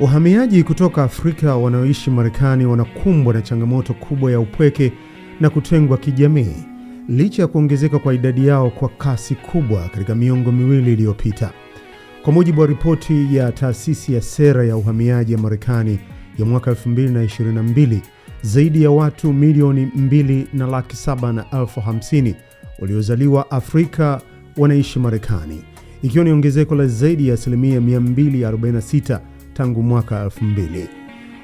Wahamiaji kutoka Afrika wanaoishi Marekani wanakumbwa na changamoto kubwa ya upweke na kutengwa kijamii licha ya kuongezeka kwa idadi yao kwa kasi kubwa katika miongo miwili iliyopita. Kwa mujibu wa ripoti ya taasisi ya sera ya uhamiaji ya Marekani ya mwaka 2022, zaidi ya watu milioni mbili na laki saba na elfu hamsini waliozaliwa Afrika wanaishi Marekani, ikiwa ni ongezeko la zaidi ya asilimia 246 tangu mwaka 2000.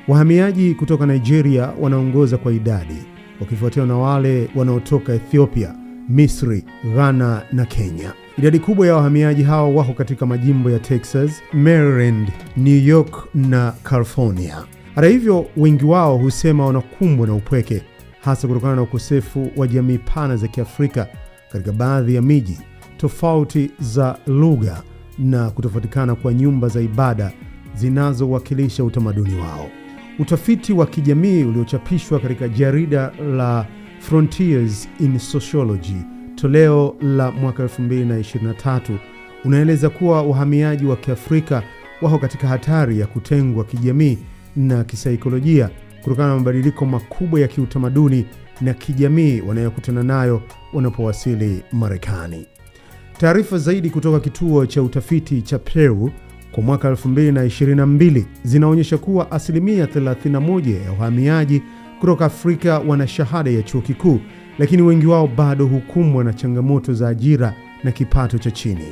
Wahamiaji kutoka Nigeria wanaongoza kwa idadi wakifuatiwa na wale wanaotoka Ethiopia, Misri, Ghana na Kenya. Idadi kubwa ya wahamiaji hao wako katika majimbo ya Texas, Maryland, New York na California. Hata hivyo, wengi wao husema wanakumbwa na upweke, hasa kutokana na ukosefu wa jamii pana za Kiafrika katika baadhi ya miji, tofauti za lugha na kutofautikana kwa nyumba za ibada zinazowakilisha utamaduni wao. Utafiti wa kijamii uliochapishwa katika jarida la Frontiers in Sociology toleo la mwaka 2023 unaeleza kuwa wahamiaji wa Kiafrika wako katika hatari ya kutengwa kijamii na kisaikolojia kutokana na mabadiliko makubwa ya kiutamaduni na kijamii wanayokutana nayo wanapowasili Marekani. Taarifa zaidi kutoka kituo cha utafiti cha Peru kwa mwaka 2022 zinaonyesha kuwa asilimia 31 ya uhamiaji kutoka Afrika wana shahada ya chuo kikuu, lakini wengi wao bado hukumbwa na changamoto za ajira na kipato cha chini.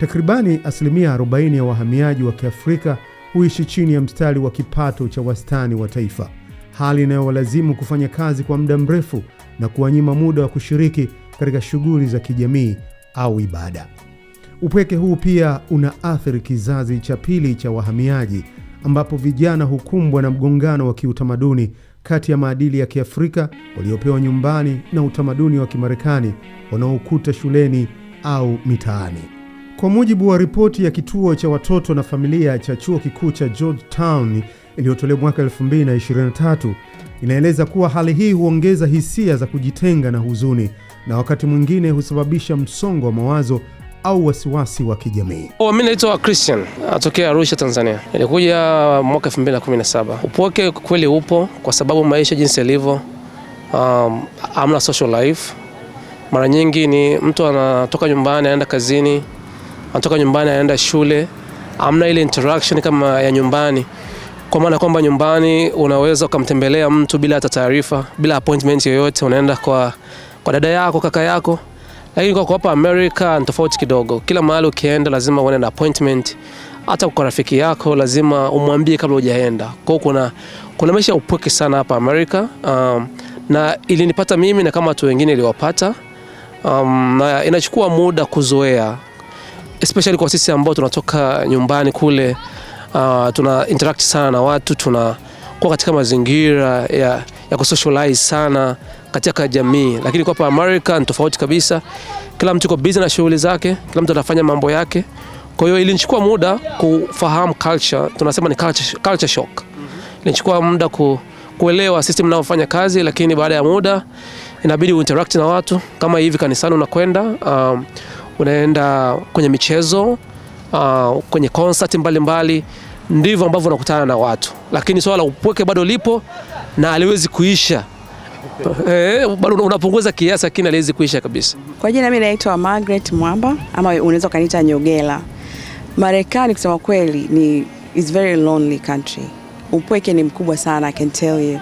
Takribani asilimia 40 ya wahamiaji wa Kiafrika huishi chini ya mstari wa kipato cha wastani wa taifa, hali inayowalazimu kufanya kazi kwa muda mrefu na kuwanyima muda wa kushiriki katika shughuli za kijamii au ibada. Upweke huu pia una athiri kizazi cha pili cha wahamiaji, ambapo vijana hukumbwa na mgongano wa kiutamaduni kati ya maadili ya Kiafrika waliopewa nyumbani na utamaduni wa Kimarekani wanaokuta shuleni au mitaani. Kwa mujibu wa ripoti ya kituo cha watoto na familia cha chuo kikuu cha Georgetown iliyotolewa mwaka 2023 inaeleza kuwa hali hii huongeza hisia za kujitenga na huzuni na wakati mwingine husababisha msongo wa mawazo au wasiwasi wa kijamii. Oh, mimi naitwa Christian natokea Arusha, Tanzania. Nilikuja mwaka 2017. Upweke kweli upo kwa sababu maisha jinsi yalivyo, um, amna social life. Mara nyingi ni mtu anatoka nyumbani anaenda kazini, anatoka nyumbani anaenda shule, amna ile interaction kama ya nyumbani kwa maana kwamba nyumbani unaweza ukamtembelea mtu bila hata taarifa, bila appointment yoyote, unaenda kwa, kwa dada yako, kaka yako lakini kwa hapa Amerika ni tofauti kidogo. Kila mahali ukienda lazima uone na appointment. Hata kwa rafiki yako lazima umwambie kabla hujaenda. Kwa hiyo kuna kuna maisha upweke sana hapa Amerika. Um, na ilinipata mimi na kama watu wengine iliwapata. Um, na inachukua muda kuzoea especially kwa sisi ambao tunatoka nyumbani kule. Uh, tuna interact sana na watu, tunakuwa katika mazingira ya, ya kusocialize sana katika jamii, lakini kwa hapa Amerika ni tofauti kabisa. Kila mtu yuko busy na shughuli zake, kila mtu anafanya mambo yake. Kwa hiyo ilinichukua muda kufahamu culture, tunasema ni culture, culture shock. Ilinichukua muda ku, kuelewa system inavyofanya kazi, lakini baada ya muda inabidi uinteract na watu kama hivi kanisani unakwenda, um, unaenda kwenye michezo uh, kwenye concert mbalimbali, ndivyo ambavyo unakutana na watu, lakini swala la upweke bado lipo na aliwezi kuisha. Eh, eh, bado unapunguza kiasi, lakini haliwezi kuisha kabisa. Kwa jina mimi naitwa Margaret Mwamba ama unaweza ukaniita Nyogela. Marekani kusema kweli ni is very lonely country. Upweke ni mkubwa sana, I can tell you,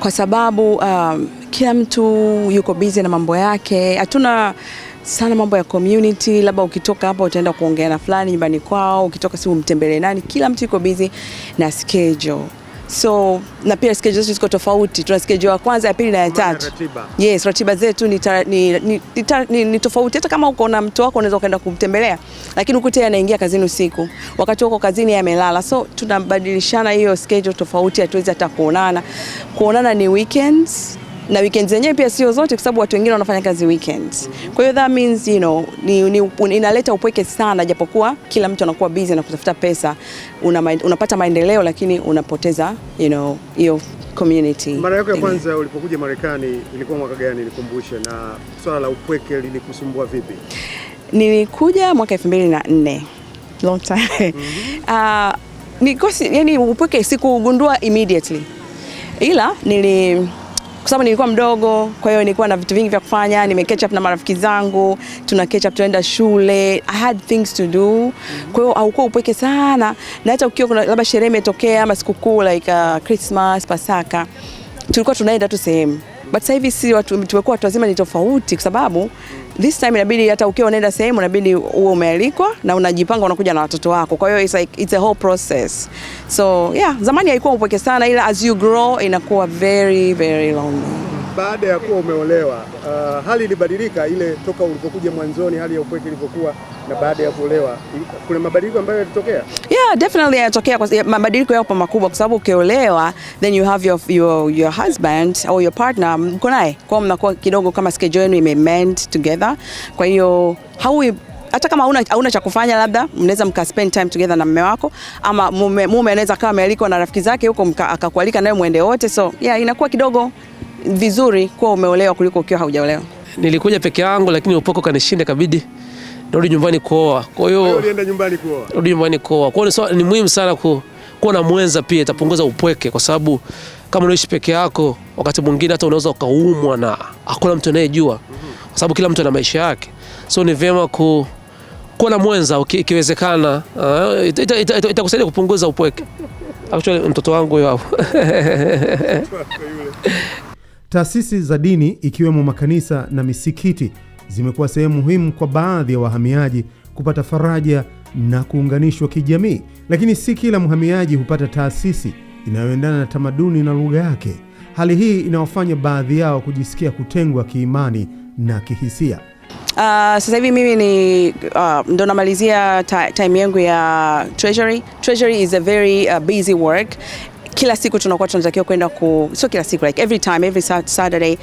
kwa sababu um, kila mtu yuko busy na mambo yake, hatuna sana mambo ya community. Labda ukitoka hapa utaenda kuongea na fulani nyumbani kwao, ukitoka si umtembelee nani, kila mtu yuko busy na schedule so na pia schedule zetu ziko tofauti. Tuna schedule ya kwanza, ya pili na ya tatu. Yes, ratiba zetu ni, ni, ni, ni, ni tofauti. Hata kama uko na mtu wako unaweza ukaenda kumtembelea, lakini ukute anaingia kazini usiku, wakati uko kazini amelala, so tunabadilishana hiyo schedule tofauti, hatuwezi hata kuonana. Kuonana ni weekends na weekend zenyewe pia sio zote, kwa sababu watu wengine wanafanya kazi weekend. Kwa hiyo that means you know, ni, ni, inaleta upweke sana, japokuwa kila mtu anakuwa busy na kutafuta pesa, una, unapata maendeleo lakini unapoteza you know hiyo community. Mara yako ya kwanza ulipokuja Marekani ilikuwa mwaka gani? Nikumbushe, na swala la upweke lilikusumbua vipi? Nilikuja mwaka 2004 long time. Mhm. ah, ni Uh, yani upweke sikugundua immediately ila nili kwa sababu nilikuwa mdogo, kwa hiyo nilikuwa na vitu vingi vya kufanya. Nime catch up na marafiki zangu, tuna catch up, tunaenda shule. I had things to do, kwa hiyo haukuwa upweke sana, na hata ukiwa kuna labda sherehe imetokea ama sikukuu like uh, Christmas, Pasaka, tulikuwa tunaenda tu sehemu but sasa hivi si watu tumekuwa watu wazima ni tofauti, kwa sababu this time inabidi hata ukiwa unaenda sehemu inabidi uwe umealikwa na unajipanga unakuja na watoto wako, kwa hiyo it's like it's a whole process. So yeah, zamani haikuwa upweke sana, ila as you grow inakuwa very very long. Baada ya kuwa umeolewa, uh, hali ilibadilika ile toka ulipokuja mwanzoni, hali ya upweke ilivyokuwa na baada ya kuolewa kuna mabadiliko ambayo yalitokea? Yeah, definitely yatokea kwa mabadiliko yapo makubwa kwa sababu ukiolewa then you have your, your, your husband or your partner mko naye. Kwa hiyo mnakuwa kidogo kama schedule yenu imemend together. Kwa hiyo how we hata kama hauna, hauna cha kufanya labda mnaweza mka spend time together na mume wako, ama mume, mume anaweza kama amealikwa na rafiki zake huko akakualika naye muende wote, so yeah, inakuwa kidogo vizuri kuwa umeolewa kuliko ukiwa haujaolewa. Nilikuja peke yangu, lakini upoko kanishinda, kabidi rudi nyumbani kuoa. Kwa hiyo ulienda nyumbani kuoa, rudi nyumbani kuoa. Kwa hiyo ni muhimu sana ku, kuwa na mwenza, pia itapunguza upweke, kwa sababu kama unaishi peke yako, wakati mwingine hata unaweza ukaumwa na hakuna mtu anayejua, kwa sababu kila mtu ana maisha yake, so ni vema ku kuwa na mwenza ikiwezekana. Uh, eh, itakusaidia ita, ita, ita kupunguza upweke. Actually, mtoto wangu yao Taasisi za dini ikiwemo makanisa na misikiti zimekuwa sehemu muhimu kwa baadhi ya wahamiaji kupata faraja na kuunganishwa kijamii, lakini si kila mhamiaji hupata taasisi inayoendana na tamaduni na lugha yake. Hali hii inawafanya baadhi yao kujisikia kutengwa kiimani na kihisia. Uh, sasa hivi mimi ni uh, ndo namalizia time yangu ya treasury. Treasury is a very uh, busy work. Kila siku tunakuwa tunatakiwa kwenda ku, sio kila siku like every time every Saturday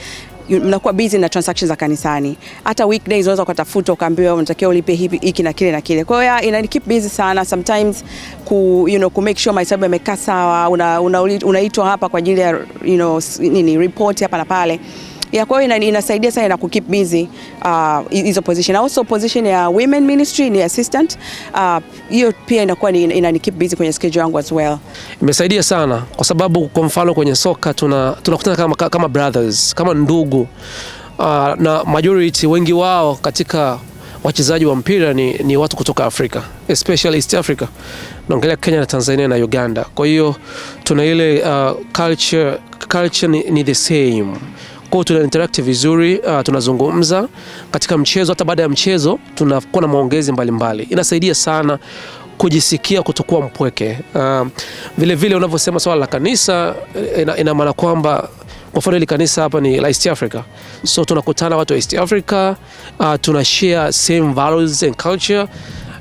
mnakuwa busy na transactions za kanisani. Hata weekdays unaweza ukatafuta ukaambiwa unatakiwa ulipe hivi hiki na kile na kile. Kwa hiyo ina keep busy sana sometimes ku you know ku make sure mahesabu yamekaa sawa, unaitwa una, una hapa kwa ajili ya you know nini report hapa na pale. Yeah, kwa hiyo inasaidia sana na ku keep busy uh, hizo uh, position. Also position ya women ministry ni assistant. Uh, hiyo uh, pia inakuwa ni inani keep busy kwenye schedule yangu as well. Imesaidia sana kwa sababu kwa mfano kwenye soka tuna tunakutana kama, kama brothers, kama ndugu. Uh, na majority wengi wao katika wachezaji wa mpira ni, ni watu kutoka Afrika especially East Africa, naongelea Kenya na Tanzania na Uganda. Kwa hiyo tuna ile uh, culture, culture ni, ni the same kwa hiyo tuna interact vizuri, uh, tunazungumza katika mchezo, hata baada ya mchezo tunakuwa na maongezi mbalimbali. Inasaidia sana kujisikia kutokuwa mpweke. Uh, vile vile unavyosema swala la kanisa, ina, ina maana kwamba kwa mfano hili kanisa hapa ni la East Africa, so tunakutana watu wa East Africa, uh, tuna share same values and culture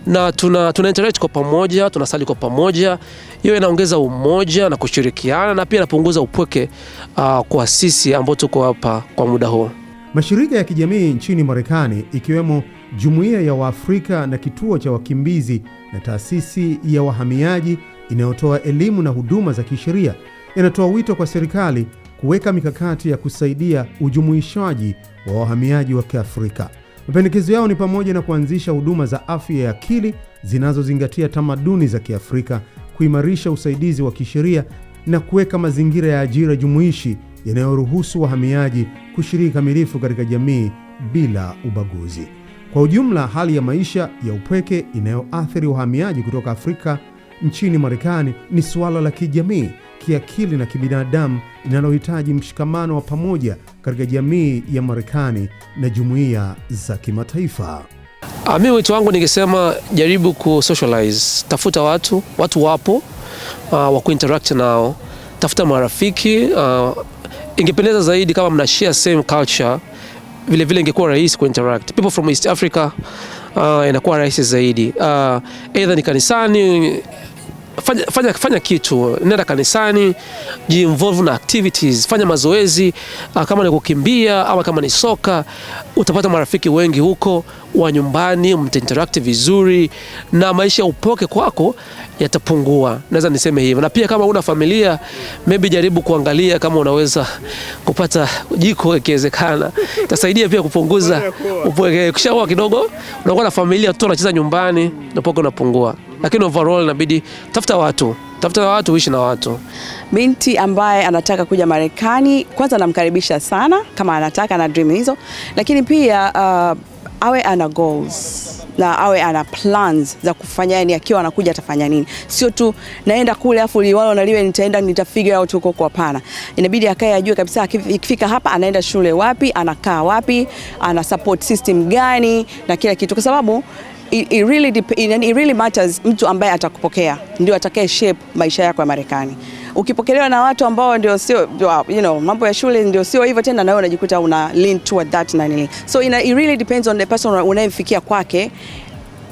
na tuna, tuna interact kwa pamoja, tunasali kwa pamoja. Hiyo inaongeza umoja na kushirikiana na pia inapunguza upweke uh, kwa sisi ambao tuko hapa kwa muda huu. Mashirika ya kijamii nchini Marekani ikiwemo Jumuiya ya Waafrika na Kituo cha Wakimbizi na Taasisi ya Wahamiaji inayotoa elimu na huduma za kisheria yanatoa wito kwa serikali kuweka mikakati ya kusaidia ujumuishwaji wa wahamiaji wa Kiafrika. Mapendekezo yao ni pamoja na kuanzisha huduma za afya ya akili zinazozingatia tamaduni za Kiafrika, kuimarisha usaidizi wa kisheria na kuweka mazingira ya ajira jumuishi yanayoruhusu wahamiaji kushiriki kamilifu katika jamii bila ubaguzi. Kwa ujumla, hali ya maisha ya upweke inayoathiri wahamiaji kutoka Afrika nchini Marekani ni suala la kijamii, kiakili na kibinadamu linalohitaji mshikamano wa pamoja katika jamii ya Marekani na jumuiya za kimataifa. Ah, Mi wito wangu nikisema, jaribu kusocialize, tafuta watu, watu wapo uh, wa kuinteract nao, tafuta marafiki uh, ingependeza zaidi kama mna share same culture, vile vile ingekuwa rahisi kuinteract people from East Africa. Uh, inakuwa rahisi zaidi uh, either ni kanisani fanya, fanya, fanya kitu, nenda kanisani, jiinvolve na activities, fanya mazoezi ah, kama ni kukimbia ama kama ni soka, utapata marafiki wengi huko wa nyumbani, mtainteract vizuri na maisha ya upoke kwako yatapungua. Naweza niseme hivyo, na pia kama una familia, maybe jaribu kuangalia kama unaweza kupata jiko ikiwezekana, itasaidia pia kupunguza upoke. Ukishaoa kidogo, unakuwa na familia, tu, unacheza nyumbani, upoke unapungua lakini overall inabidi tafuta watu, tafuta watu, uishi na watu. Binti ambaye anataka kuja Marekani, kwanza namkaribisha sana kama anataka na dream hizo, lakini pia uh, awe ana goals na awe ana plans za kufanya, nini, akiwa anakuja atafanya nini, sio tu naenda kule afu liwalo na liwe nitaenda nitafigure out huko kwa. Hapana, inabidi akae ajue kabisa akifika hapa anaenda shule wapi, anakaa wapi, ana support system gani na kila kitu, kwa sababu it, it really dep it really matters. Mtu ambaye atakupokea ndio atakaye shape maisha yako ya Marekani. Ukipokelewa na watu ambao ndio sio you know, mambo ya shule ndio sio hivyo tena, na wewe unajikuta una lean toward that na nini, so ina, it really depends on the person unayemfikia kwake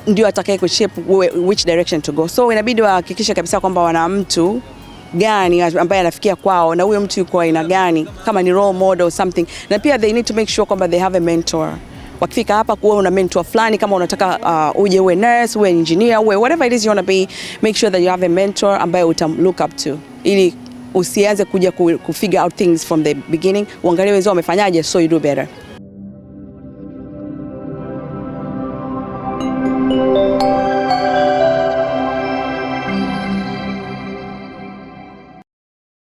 ndio atakaye kushape which direction to go. So inabidi wahakikishe kabisa kwamba wana mtu gani ambaye anafikia kwao na huyo mtu yuko aina gani, kama ni role model something, na pia they need to make sure kwamba they have a mentor wakifika hapa kuwa una mentor fulani, kama unataka uh, uje uwe nurse, uwe engineer, uwe whatever it is you want to be, make sure that you have a mentor ambaye uta look up to ili usianze kuja ku figure out things from the beginning, uangalie wenzao wamefanyaje, so you do better.